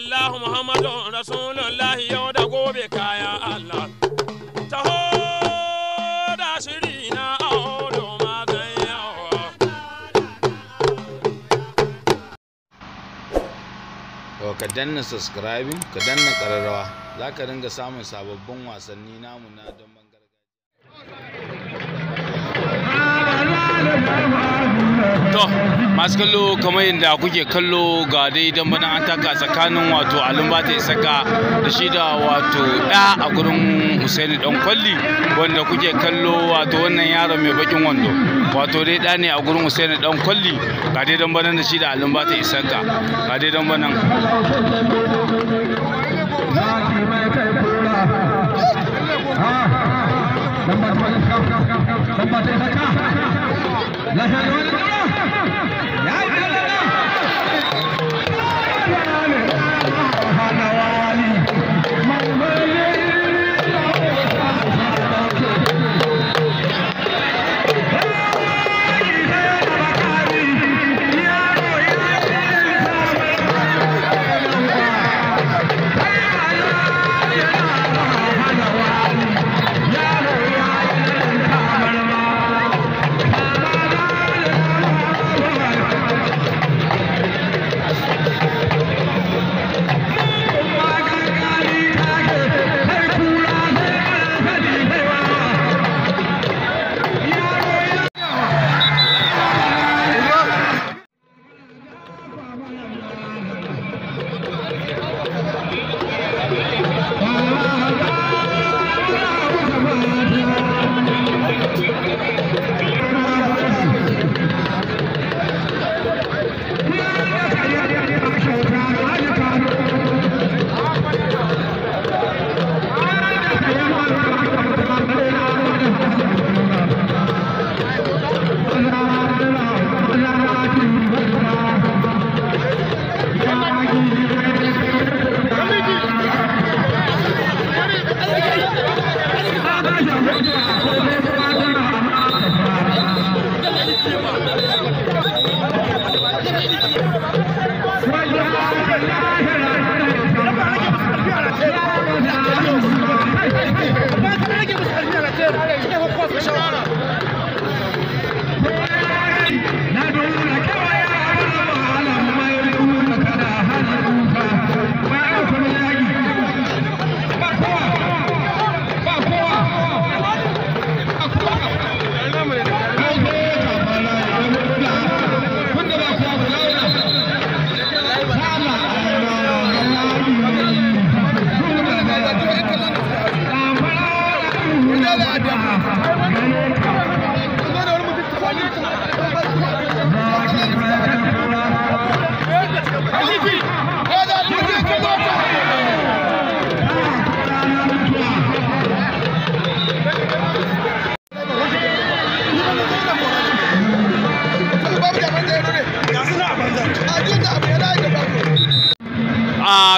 illallah muhammadu rasulullahi yau da gobe kaya allah taho da shiri na aulo mazan yawa to ka danna subscribing ka danna kararrawa za ka dinga samun sababbin wasanni namu na don bangargajiya to masu kallo kamar yadda kuke kallo ga dai don bana an taka tsakanin wato alumbata isaka da shi da wato ɗa a gurin husaini dan kwalli wanda kuke kallo wato wannan yaro mai bakin wando wato dai ɗa ne a gurin husaini dan kwalli ga dai don bana da shi da ta isaka ga dai don bana Ah,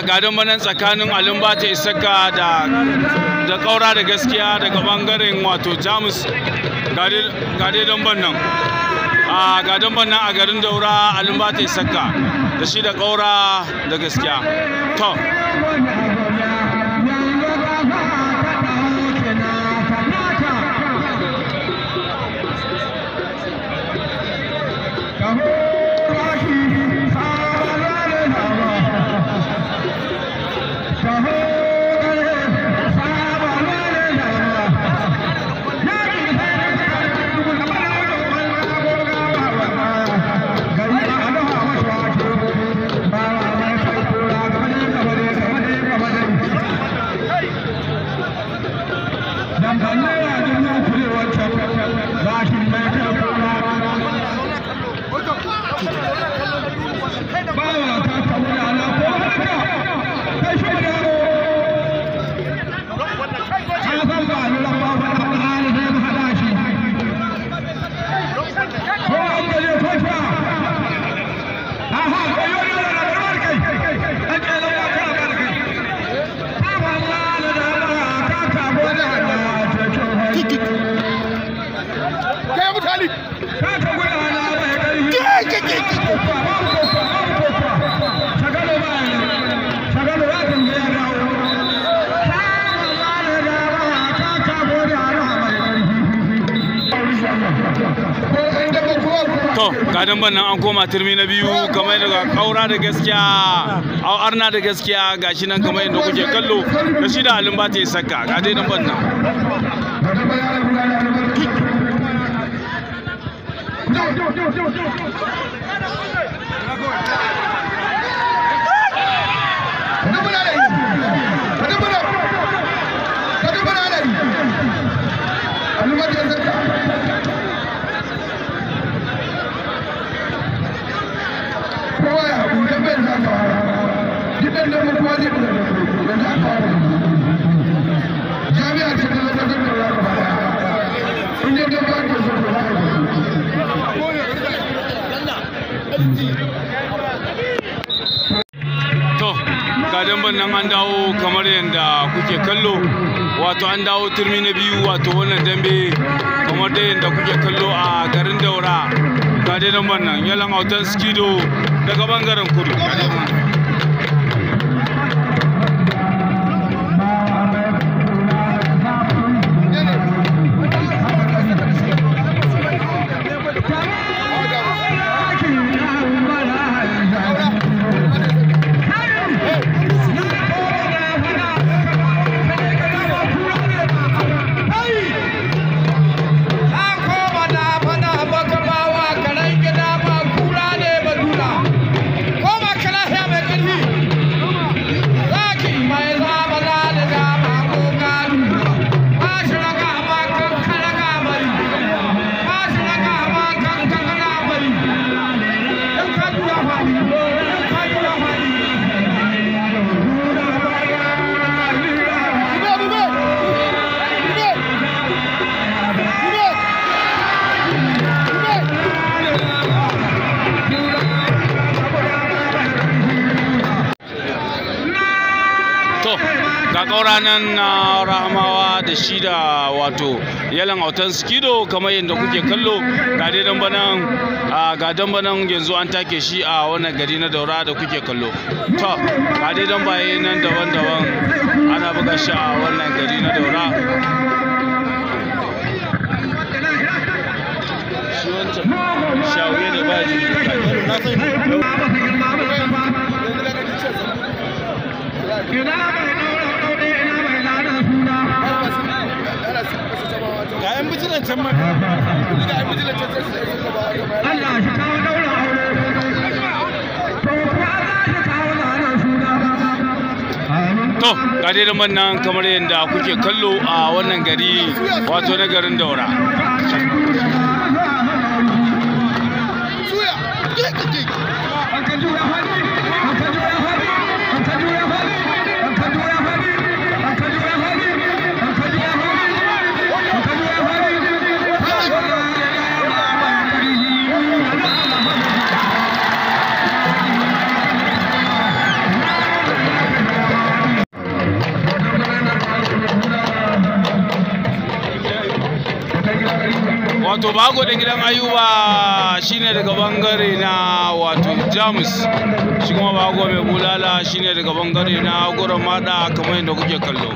gadon manan tsakanin alumbata isaka da da kaura da gaskiya daga bangaren wato jamus gade don bannan a gadon bannan a garin daura alumbata isaka da shi da kaura da gaskiya to to gadon nan an koma turmi na biyu kamar daga kaura da gaskiya au arna da gaskiya gashi nan kamar yadda kuke kallo da shi da alin ta yi saka ga dai nan Go, go, waɗannan da da to ga damban nan an dawo kamar yadda kuke kallo wato an dawo turmi na biyu wato wannan dambe kamar dai yadda kuke kallo a garin daura ga dai nan yalan autan skido daga bangaren kudu ranar na rahamawa da shi da wato yalan autan skido kamar yadda kuke kallo ga dan banan ga dan banan yanzu an take shi a wannan gari na daura da kuke kallo to ga dai dan baye nan daban-daban ana buga shi a wannan gari na daura shi wancan an bi jilancen ma kuɗi da an bi kamar yadda kuke kallo a wannan gari wato na garin daura wato bago da gidan ayuba shine daga bangare na wato jamus shi kuma bago mai bulala shine daga bangare na gurin mada kamar yadda kuke kallo